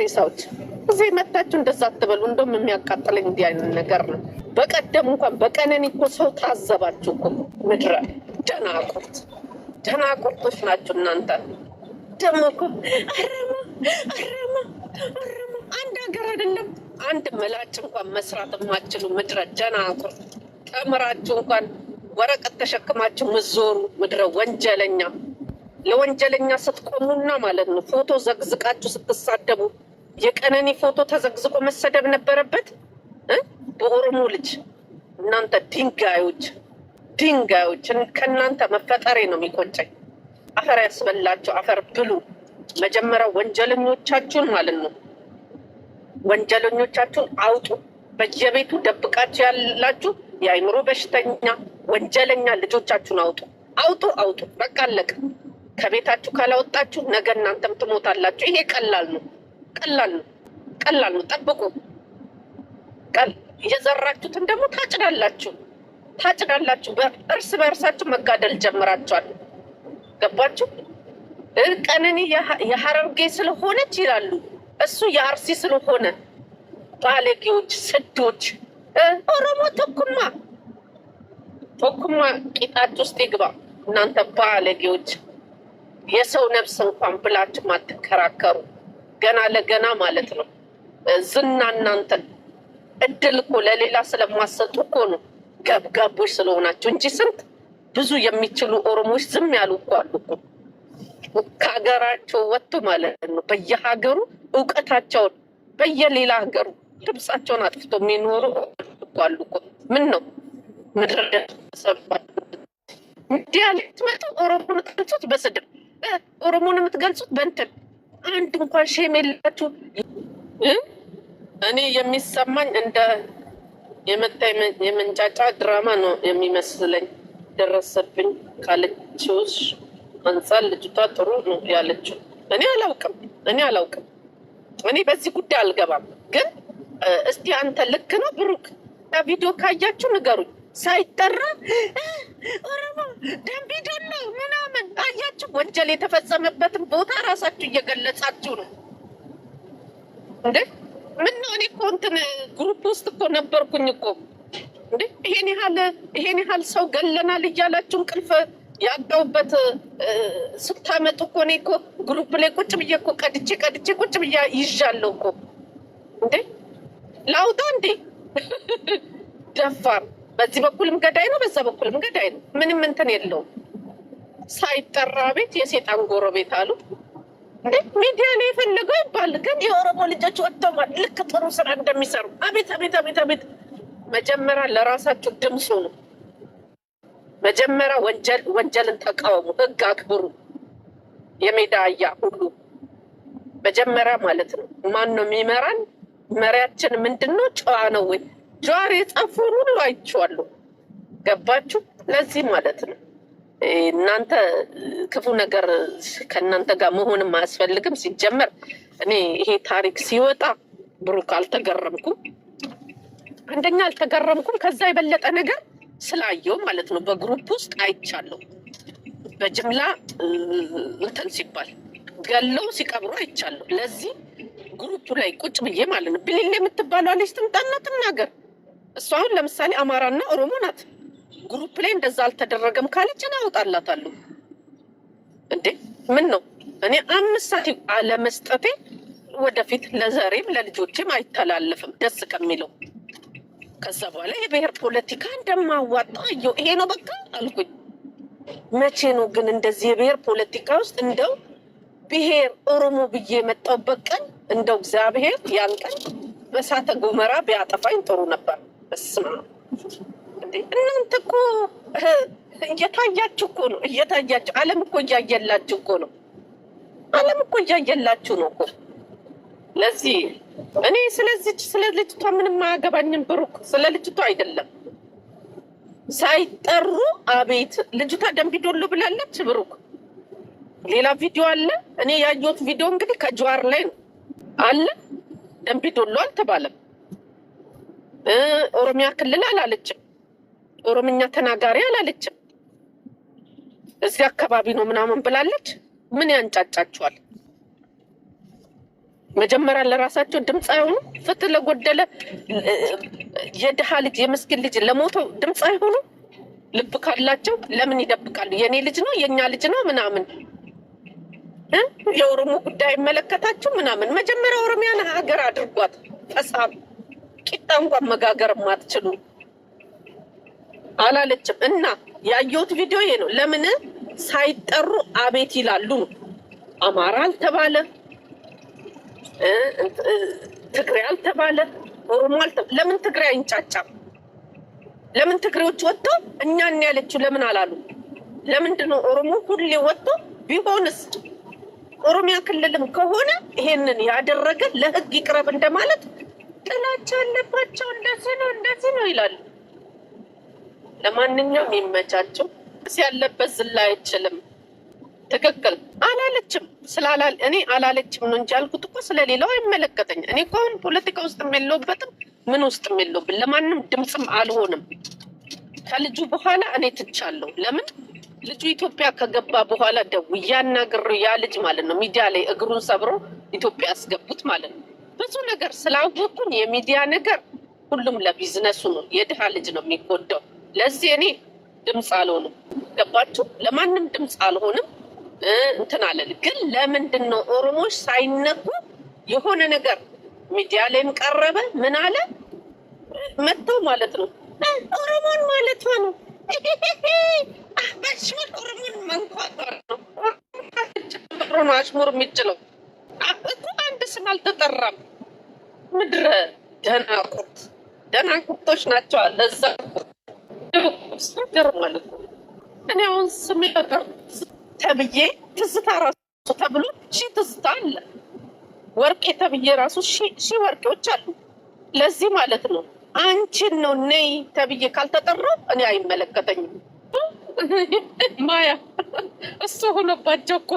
ሬሳዎች እዚህ መታችሁ እንደዛ አትበሉ። እንደም የሚያቃጥለኝ እንዲህ አይነት ነገር ነው። በቀደም እንኳን በቀነኒ እኮ ሰው ታዘባችሁ እኮ ምድረ ደናቁርት ደናቁርቶች ናችሁ እናንተ። ደሞ እኮ አረማ አረማ አረማ አንድ ሀገር አይደለም አንድ መላጭ እንኳን መስራት የማችሉ ምድረ ደናቁርት ተምራችሁ እንኳን ወረቀት ተሸክማችሁ ምዞሩ ምድረ ወንጀለኛ ለወንጀለኛ ስትቆሙና ማለት ነው ፎቶ ዘግዝቃችሁ ስትሳደቡ የቀነኒ ፎቶ ተዘግዝቆ መሰደብ ነበረበት በኦሮሞ ልጅ። እናንተ ድንጋዮች ድንጋዮች፣ ከእናንተ መፈጠሬ ነው የሚቆጨኝ። አፈር ያስበላችሁ፣ አፈር ብሉ። መጀመሪያ ወንጀለኞቻችሁን ማለት ነው ወንጀለኞቻችሁን አውጡ። በየቤቱ ደብቃችሁ ያላችሁ የአይምሮ በሽተኛ ወንጀለኛ ልጆቻችሁን አውጡ፣ አውጡ፣ አውጡ። በቃ አለቀ። ከቤታችሁ ካላወጣችሁ ነገ እናንተም ትሞታላችሁ። ይሄ ቀላል ነው። ቀላል ነው፣ ቀላል ነው። ጠብቁ። ቀል የዘራችሁትን ደግሞ ታጭዳላችሁ፣ ታጭዳላችሁ። እርስ በእርሳችሁ መጋደል ጀምራችኋል። ገባችሁ? ቀነኒ የሀረርጌ ስለሆነች ይላሉ፣ እሱ የአርሲ ስለሆነ ባለጌዎች፣ ስዶች። ኦሮሞ ተኩማ ተኩማ ቂጣች ውስጥ ይግባ። እናንተ ባለጌዎች የሰው ነፍስ እንኳን ብላችሁ አትከራከሩ። ገና ለገና ማለት ነው። ዝና እናንተ እድል እኮ ለሌላ ስለማሰጡ እኮ ነው ገብጋቦች ስለሆናቸው እንጂ ስንት ብዙ የሚችሉ ኦሮሞዎች ዝም ያሉ እኮ አሉ እኮ ከሀገራቸው ወጥቶ ማለት ነው። በየሀገሩ እውቀታቸውን በየሌላ ሀገሩ ድምፃቸውን አጥፍቶ የሚኖሩ አሉ እኮ ምን ነው ምድር እንዲህ ያለ የምትመጡ ኦሮሞን ትገልጹት በስድብ ኦሮሞን የምትገልጹት በእንትን አንድ እንኳን ሼም የላችሁ። እኔ የሚሰማኝ እንደ የመጣ የመንጫጫ ድራማ ነው የሚመስለኝ። ደረሰብኝ ካለችው አንጻር ልጅቷ ጥሩ ነው ያለችው። እኔ አላውቅም፣ እኔ አላውቅም፣ እኔ በዚህ ጉዳይ አልገባም። ግን እስቲ አንተ ልክ ነው ብሩክ፣ ቪዲዮ ካያችሁ ንገሩኝ። ሳይጠራ ኦሮሞ ደንቢ ዶሎ ምናምን አያችሁ፣ ወንጀል የተፈጸመበትን ቦታ ራሳችሁ እየገለጻችሁ ነው እንዴ? ምነው እኔ እኮ እንትን ግሩፕ ውስጥ እኮ ነበርኩኝ እኮ እንዴ። ይሄን ያህል ይሄን ያህል ሰው ገለናል እያላችሁ እንቅልፍ ያጣሁበት ስታመጡ እኮ እኔ እኮ ግሩፕ ላይ ቁጭ ብዬ እኮ ቀድቼ ቀድቼ ቁጭ ብዬ ይዣለሁ እኮ እንዴ። ላውጣ እንዴ ደፋር በዚህ በኩልም ገዳይ ነው፣ በዛ በኩልም ገዳይ ነው። ምንም እንትን የለውም። ሳይጠራ ቤት የሴጣን ጎረቤት አሉ። ሚዲያ ነው የፈለገው ይባል፣ ግን የኦሮሞ ልጆች ወጥተዋል። ልክ ጥሩ ስራ እንደሚሰሩ አቤት አቤት አቤት አቤት። መጀመሪያ ለራሳችሁ ድምፁ ነው። መጀመሪያ ወንጀል ወንጀልን ተቃወሙ፣ ህግ አክብሩ። የሜዳ አያ ሁሉ መጀመሪያ ማለት ነው። ማን ነው የሚመራን? መሪያችን ምንድን ነው? ጨዋ ነው ወይ ጃዋር የጻፈውን ሁሉ አይቼዋለሁ። ገባችሁ? ለዚህ ማለት ነው እናንተ ክፉ ነገር ከእናንተ ጋር መሆንም አያስፈልግም። ሲጀመር እኔ ይሄ ታሪክ ሲወጣ ብሩክ አልተገረምኩም። አንደኛ አልተገረምኩም፣ ከዛ የበለጠ ነገር ስላየው ማለት ነው። በግሩፕ ውስጥ አይቻለሁ። በጅምላ እንትን ሲባል ገለው ሲቀብሩ አይቻለሁ። ለዚህ ግሩፑ ላይ ቁጭ ብዬ ማለት ነው ብሌል የምትባለው ልጅ ትምጣና ትናገር እሷ አሁን ለምሳሌ አማራና ኦሮሞ ናት። ግሩፕ ላይ እንደዛ አልተደረገም ካለች እኔ አወጣላታለሁ። እንዴ ምን ነው እኔ አምስት ሳቲ አለመስጠቴ ወደፊት ለዘሬም ለልጆችም አይተላለፍም ደስ ከሚለው ከዛ በኋላ የብሔር ፖለቲካ እንደማዋጣ እየው ይሄ ነው በቃ አልኩኝ። መቼ ነው ግን እንደዚህ የብሔር ፖለቲካ ውስጥ እንደው ብሔር ኦሮሞ ብዬ የመጣውበት ቀን እንደው እግዚአብሔር ያን ቀን በእሳተ ገሞራ ቢያጠፋኝ ጥሩ ነበር። እናንተ እኮ እየታያችሁ እኮ ነው፣ እየታያችሁ ዓለም እኮ እያየላችሁ እኮ ነው። ዓለም እኮ እያየላችሁ ነው እኮ። ለዚህ እኔ ስለዚች ስለ ልጅቷ ምንም አያገባኝም። ብሩክ ስለ ልጅቷ አይደለም ሳይጠሩ አቤት ልጅቷ ደንቢዶሎ ብላለች። ብሩክ ሌላ ቪዲዮ አለ። እኔ ያየሁት ቪዲዮ እንግዲህ ከጀዋር ላይ ነው አለ። ደንቢዶሎ አልተባለም። ኦሮሚያ ክልል አላለችም። ኦሮምኛ ተናጋሪ አላለችም። እዚህ አካባቢ ነው ምናምን ብላለች። ምን ያንጫጫችኋል? መጀመሪያ ለራሳቸው ድምፅ አይሆኑ? ፍትህ ለጎደለ የድሃ ልጅ የምስኪን ልጅ ለሞተው ድምፅ አይሆኑ? ልብ ካላቸው ለምን ይደብቃሉ? የእኔ ልጅ ነው የእኛ ልጅ ነው ምናምን የኦሮሞ ጉዳይ ይመለከታችሁ ምናምን። መጀመሪያ ኦሮሚያን ሀገር አድርጓት ፈሳሉ ቂጣ እንኳን መጋገር ማትችሉ አላለችም። እና ያየሁት ቪዲዮ ይሄ ነው። ለምን ሳይጠሩ አቤት ይላሉ? አማራ አልተባለ ትግሬ አልተባለ ኦሮሞ አልተባለ። ለምን ትግሬ አይንጫጫም? ለምን ትግሬዎች ወጥተው እኛን ያለችው ለምን አላሉ? ለምንድን ነው ኦሮሞ ሁሌ ወጥቶ ቢሆንስ ኦሮሚያ ክልልም ከሆነ ይሄንን ያደረገ ለህግ ይቅረብ እንደማለት ጥላቻ አለባቸው። እንደዚህ ነው እንደዚህ ነው ይላሉ። ለማንኛውም ይመቻቸው። ያለበት ዝላ አይችልም። ትክክል አላለችም። ስላላ እኔ አላለችም ነው እንጂ ያልኩት እኮ ስለሌላው አይመለከተኝ። እኔ እኮ አሁን ፖለቲካ ውስጥ የለሁበትም ምን ውስጥ የለሁብን። ለማንም ድምፅም አልሆንም። ከልጁ በኋላ እኔ ትቻለሁ። ለምን ልጁ ኢትዮጵያ ከገባ በኋላ ደውዬ አናግሬው ያ ልጅ ማለት ነው ሚዲያ ላይ እግሩን ሰብሮ ኢትዮጵያ ያስገቡት ማለት ነው ብዙ ነገር ስላወቅኩኝ የሚዲያ ነገር ሁሉም ለቢዝነሱ ነው። የድሃ ልጅ ነው የሚጎዳው። ለዚህ እኔ ድምፅ አልሆንም። ገባችሁ? ለማንም ድምፅ አልሆንም። እንትን አለን ግን ለምንድን ነው ኦሮሞዎች ሳይነኩ የሆነ ነገር ሚዲያ ላይም ቀረበ ምን አለ መጥተው ማለት ነው ኦሮሞን ማለቷ ነው አሽሙር ኦሮሞን መንኳጠር ነው አሽሙር የሚችለው እኮ አንድ ስም አልተጠራም ምድረ ደናቁርት ደናቁርቶች ናቸው። ለዛ ነገር ማለት ነው። እኔ አሁን ስሜ ነገር ተብዬ ትዝታ ራሱ ተብሎ ሺ ትዝታ አለ። ወርቄ ተብዬ ራሱ ሺ ወርቄዎች አሉ። ለዚህ ማለት ነው አንቺን ነው ነይ ተብዬ ካልተጠራው እኔ አይመለከተኝም። ማያ እሱ ሆኖባቸው እኮ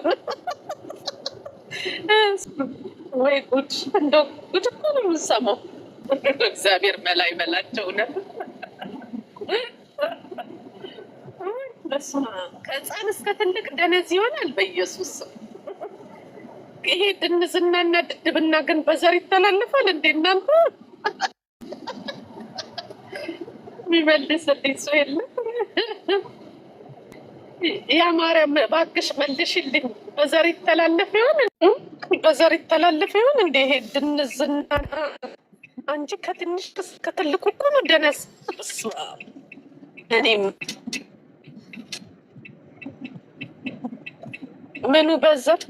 ወይ ጉድ! እንደው ጉድ እኮ ነው የምንሰማው። እግዚአብሔር መላ ይመላቸው ነው። ከህፃን እስከ ትልቅ ደነዝ ይሆናል በኢየሱስ ይሄ ድንዝናና ድድብና ግን በዘር ይተላለፋል እንዴ እናንተ? የሚመልስልኝ ሰው የለም። ያ ማርያም እባክሽ መልሽልኝ፣ በዘር ይተላለፍ ይሆን በዘር ይተላለፍ ይሆን እንደ ይሄ ድንዝና አንቺ ከትንሽ እስከ ትልቁ እኮ ነው ደነስ። እኔም ምኑ በዘር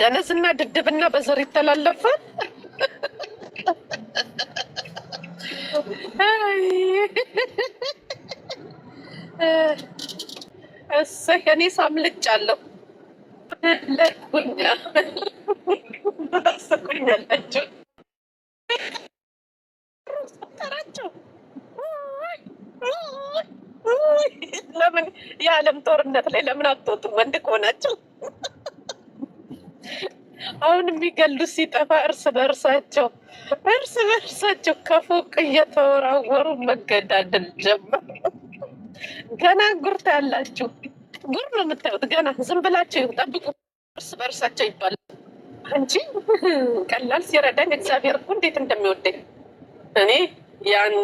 ደነዝና ድድብና በዘር ይተላለፋል። እሰይ እኔ ሳምልጭ አለሁ። ለምን የዓለም ጦርነት ላይ ለምን አትወጡ? ወንድ ከሆናቸው አሁን የሚገሉት ሲጠፋ እርስ በእርሳቸው እርስ በእርሳቸው ከፎቅ እየተወራወሩ መገዳደል ጀመር። ገና ጉርታ ያላችሁ ጉር ነው የምታዩት። ገና ዝም ብላችሁ ጠብቁ። እርስ በእርሳቸው ይባላል እንጂ ቀላል ሲረዳኝ እግዚአብሔር እኮ እንዴት እንደሚወደኝ እኔ ያን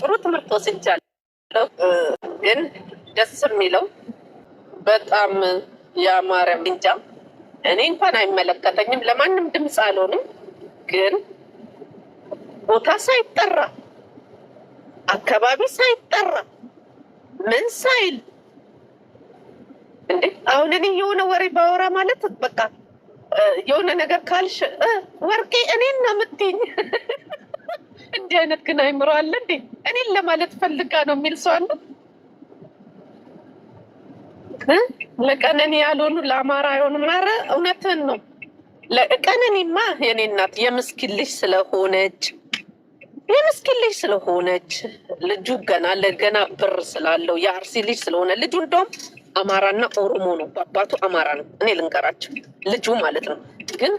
ጥሩ ትምህርት ወስጃለሁ። ግን ደስ የሚለው በጣም ያማረ እንጃ እኔ እንኳን አይመለከተኝም። ለማንም ድምፅ አልሆንም። ግን ቦታ ሳይጠራ አካባቢ ሳይጠራ ምን ሳይል አሁን እኔ የሆነ ወሬ ባወራ ማለት በቃ የሆነ ነገር ካልሽ ወርቄ እኔን ነው የምትይኝ። እንዲህ አይነት ግን አይምሮ አለ እንዴ? እኔን ለማለት ፈልጋ ነው የሚል ሰው አለ። ለቀነኒ ያልሆኑ ለአማራ የሆኑ ማረ እውነትን ነው። ቀነኒማ የኔ እናት የምስኪን ልጅ ስለሆነች የምስኪን ልጅ ስለሆነች ልጁ ገና ለገና ብር ስላለው የአርሲ ልጅ ስለሆነ ልጁ እንደውም አማራና ኦሮሞ ነው። በአባቱ አማራ ነው። እኔ ልንገራቸው ልጁ ማለት ነው። ግን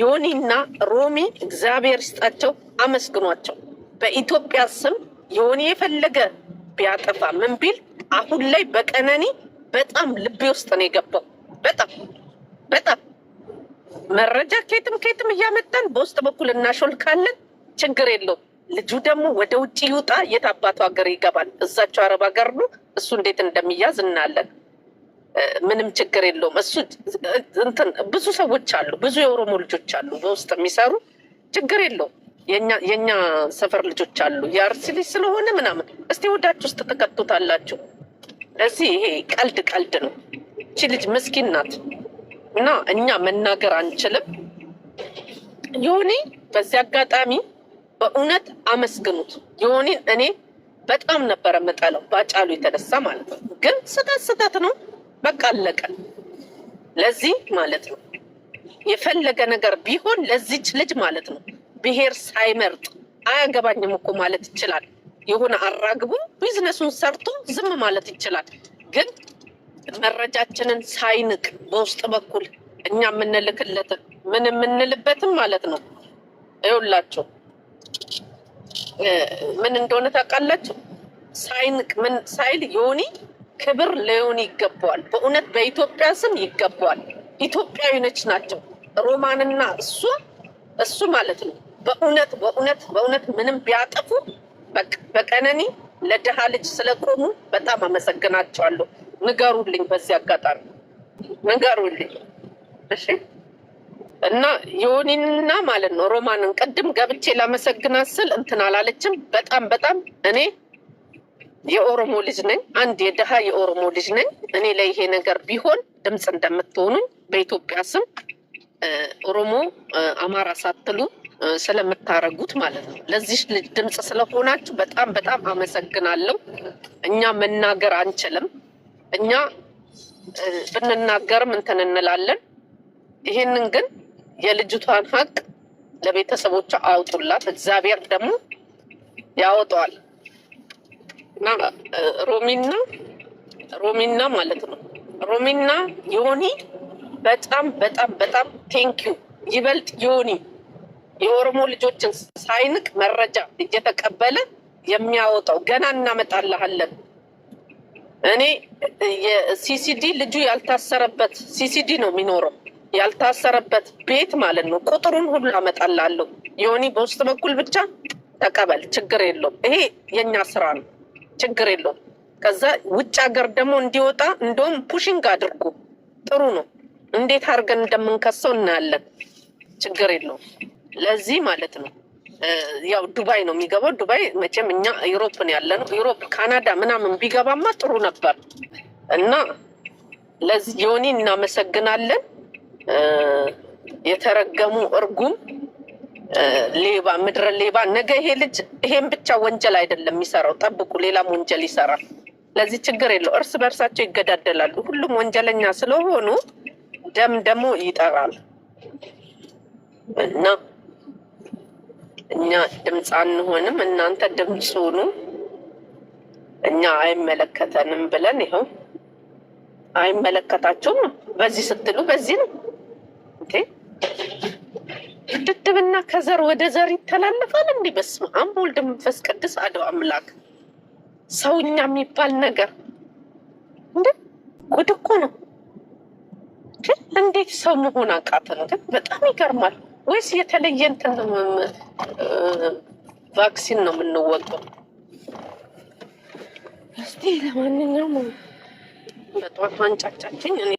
ዮኒና ሮሚ እግዚአብሔር ይስጣቸው፣ አመስግኗቸው። በኢትዮጵያ ስም ዮኒ የፈለገ ቢያጠፋ ምን ቢል አሁን ላይ በቀነኒ በጣም ልቤ ውስጥ ነው የገባው። በጣም በጣም መረጃ ከየትም ከየትም እያመጣን በውስጥ በኩል እናሾልካለን። ችግር የለውም። ልጁ ደግሞ ወደ ውጭ ይውጣ፣ የት አባቱ ሀገር ይገባል? እዛቸው አረብ ሀገር ነው። እሱ እንዴት እንደሚያዝ እናያለን። ምንም ችግር የለውም። እሱ እንትን ብዙ ሰዎች አሉ፣ ብዙ የኦሮሞ ልጆች አሉ በውስጥ የሚሰሩ ችግር የለውም። የእኛ ሰፈር ልጆች አሉ የአርሲ ልጅ ስለሆነ ምናምን፣ እስቲ ወዳችሁ ውስጥ ተከቱታላችሁ። እዚህ ይሄ ቀልድ ቀልድ ነው። እቺ ልጅ ምስኪን ናት እና እኛ መናገር አንችልም። ይሁኔ በዚህ አጋጣሚ በእውነት አመስግኑት። የሆኔን እኔ በጣም ነበረ የምጠለው ባጫሉ የተነሳ ማለት ነው። ግን ስህተት ስህተት ነው፣ በቃ አለቀ። ለዚህ ማለት ነው የፈለገ ነገር ቢሆን ለዚች ልጅ ማለት ነው ብሔር ሳይመርጥ አያገባኝም እኮ ማለት ይችላል። የሆነ አራግቡ ቢዝነሱን ሰርቶ ዝም ማለት ይችላል። ግን መረጃችንን ሳይንቅ በውስጥ በኩል እኛ የምንልክለትን ምን የምንልበትም ማለት ነው ይውላቸው ምን እንደሆነ ታውቃላችሁ? ሳይል ዮኒ ክብር ለዮኒ ይገባዋል። በእውነት በኢትዮጵያ ስም ይገባዋል። ኢትዮጵያዊ ነች ናቸው ሮማንና እሱ እሱ ማለት ነው። በእውነት በእውነት በእውነት ምንም ቢያጠፉ በቀነኒ ለድሃ ልጅ ስለቆሙ በጣም አመሰግናቸዋለሁ። ንገሩልኝ፣ በዚህ አጋጣሚ ንገሩልኝ እሺ። እና ዮኒንና ማለት ነው ሮማንን ቅድም ገብቼ ላመሰግናት ስል እንትን አላለችም። በጣም በጣም እኔ የኦሮሞ ልጅ ነኝ፣ አንድ የደሃ የኦሮሞ ልጅ ነኝ። እኔ ላይ ይሄ ነገር ቢሆን ድምፅ እንደምትሆኑኝ በኢትዮጵያ ስም ኦሮሞ አማራ ሳትሉ ስለምታረጉት ማለት ነው ለዚህ ልጅ ድምፅ ስለሆናችሁ በጣም በጣም አመሰግናለሁ። እኛ መናገር አንችልም። እኛ ብንናገርም እንትን እንላለን። ይሄንን ግን የልጅቷን ሀቅ ለቤተሰቦቿ አውጡላት። እግዚአብሔር ደግሞ ያወጣዋል። እና ሮሚና ሮሚና ማለት ነው ሮሚና ዮኒ በጣም በጣም በጣም ቴንኪዩ። ይበልጥ ዮኒ የኦሮሞ ልጆችን ሳይንቅ መረጃ እየተቀበለ የሚያወጣው ገና እናመጣልሃለን። እኔ የሲሲዲ ልጁ ያልታሰረበት ሲሲዲ ነው የሚኖረው ያልታሰረበት ቤት ማለት ነው። ቁጥሩን ሁሉ አመጣላለሁ። ዮኒ በውስጥ በኩል ብቻ ተቀበል፣ ችግር የለውም። ይሄ የኛ ስራ ነው፣ ችግር የለውም። ከዛ ውጭ ሀገር ደግሞ እንዲወጣ እንደውም ፑሽንግ አድርጉ፣ ጥሩ ነው። እንዴት አድርገን እንደምንከሰው እናያለን። ችግር የለውም። ለዚህ ማለት ነው ያው ዱባይ ነው የሚገባው። ዱባይ መቼም እኛ ዩሮፕን ያለ ነው ዩሮፕ ካናዳ ምናምን ቢገባማ ጥሩ ነበር እና ለዚህ ዮኒ እናመሰግናለን። የተረገሙ እርጉም ሌባ፣ ምድረ ሌባ። ነገ ይሄ ልጅ ይሄን ብቻ ወንጀል አይደለም የሚሰራው፣ ጠብቁ፣ ሌላም ወንጀል ይሰራል። ለዚህ ችግር የለው። እርስ በእርሳቸው ይገዳደላሉ። ሁሉም ወንጀለኛ ስለሆኑ ደም ደግሞ ይጠራል እና እኛ ድምፅ አንሆንም፣ እናንተ ድምፅ ሁኑ፣ እኛ አይመለከተንም ብለን ይኸው አይመለከታችሁም በዚህ ስትሉ በዚህ ነው ድድብና ከዘር ወደ ዘር ይተላለፋል። እንዲ በስመ አብ ወልድ መንፈስ ቅዱስ አሐዱ አምላክ። ሰውኛ የሚባል ነገር እንደ ጉድ እኮ ነው። እንዴት ሰው መሆን አቃተን? ግን በጣም ይገርማል። ወይስ የተለየ እንትን ቫክሲን ነው የምንወጣው? እስቲ ለማንኛውም በጠዋት አንጫጫችኝ እኔ